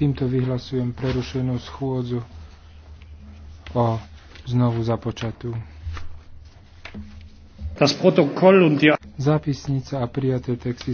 Týmto vyhlasujem prerušenú schôdzu o znovu započatú. Zápisnica a prijaté texty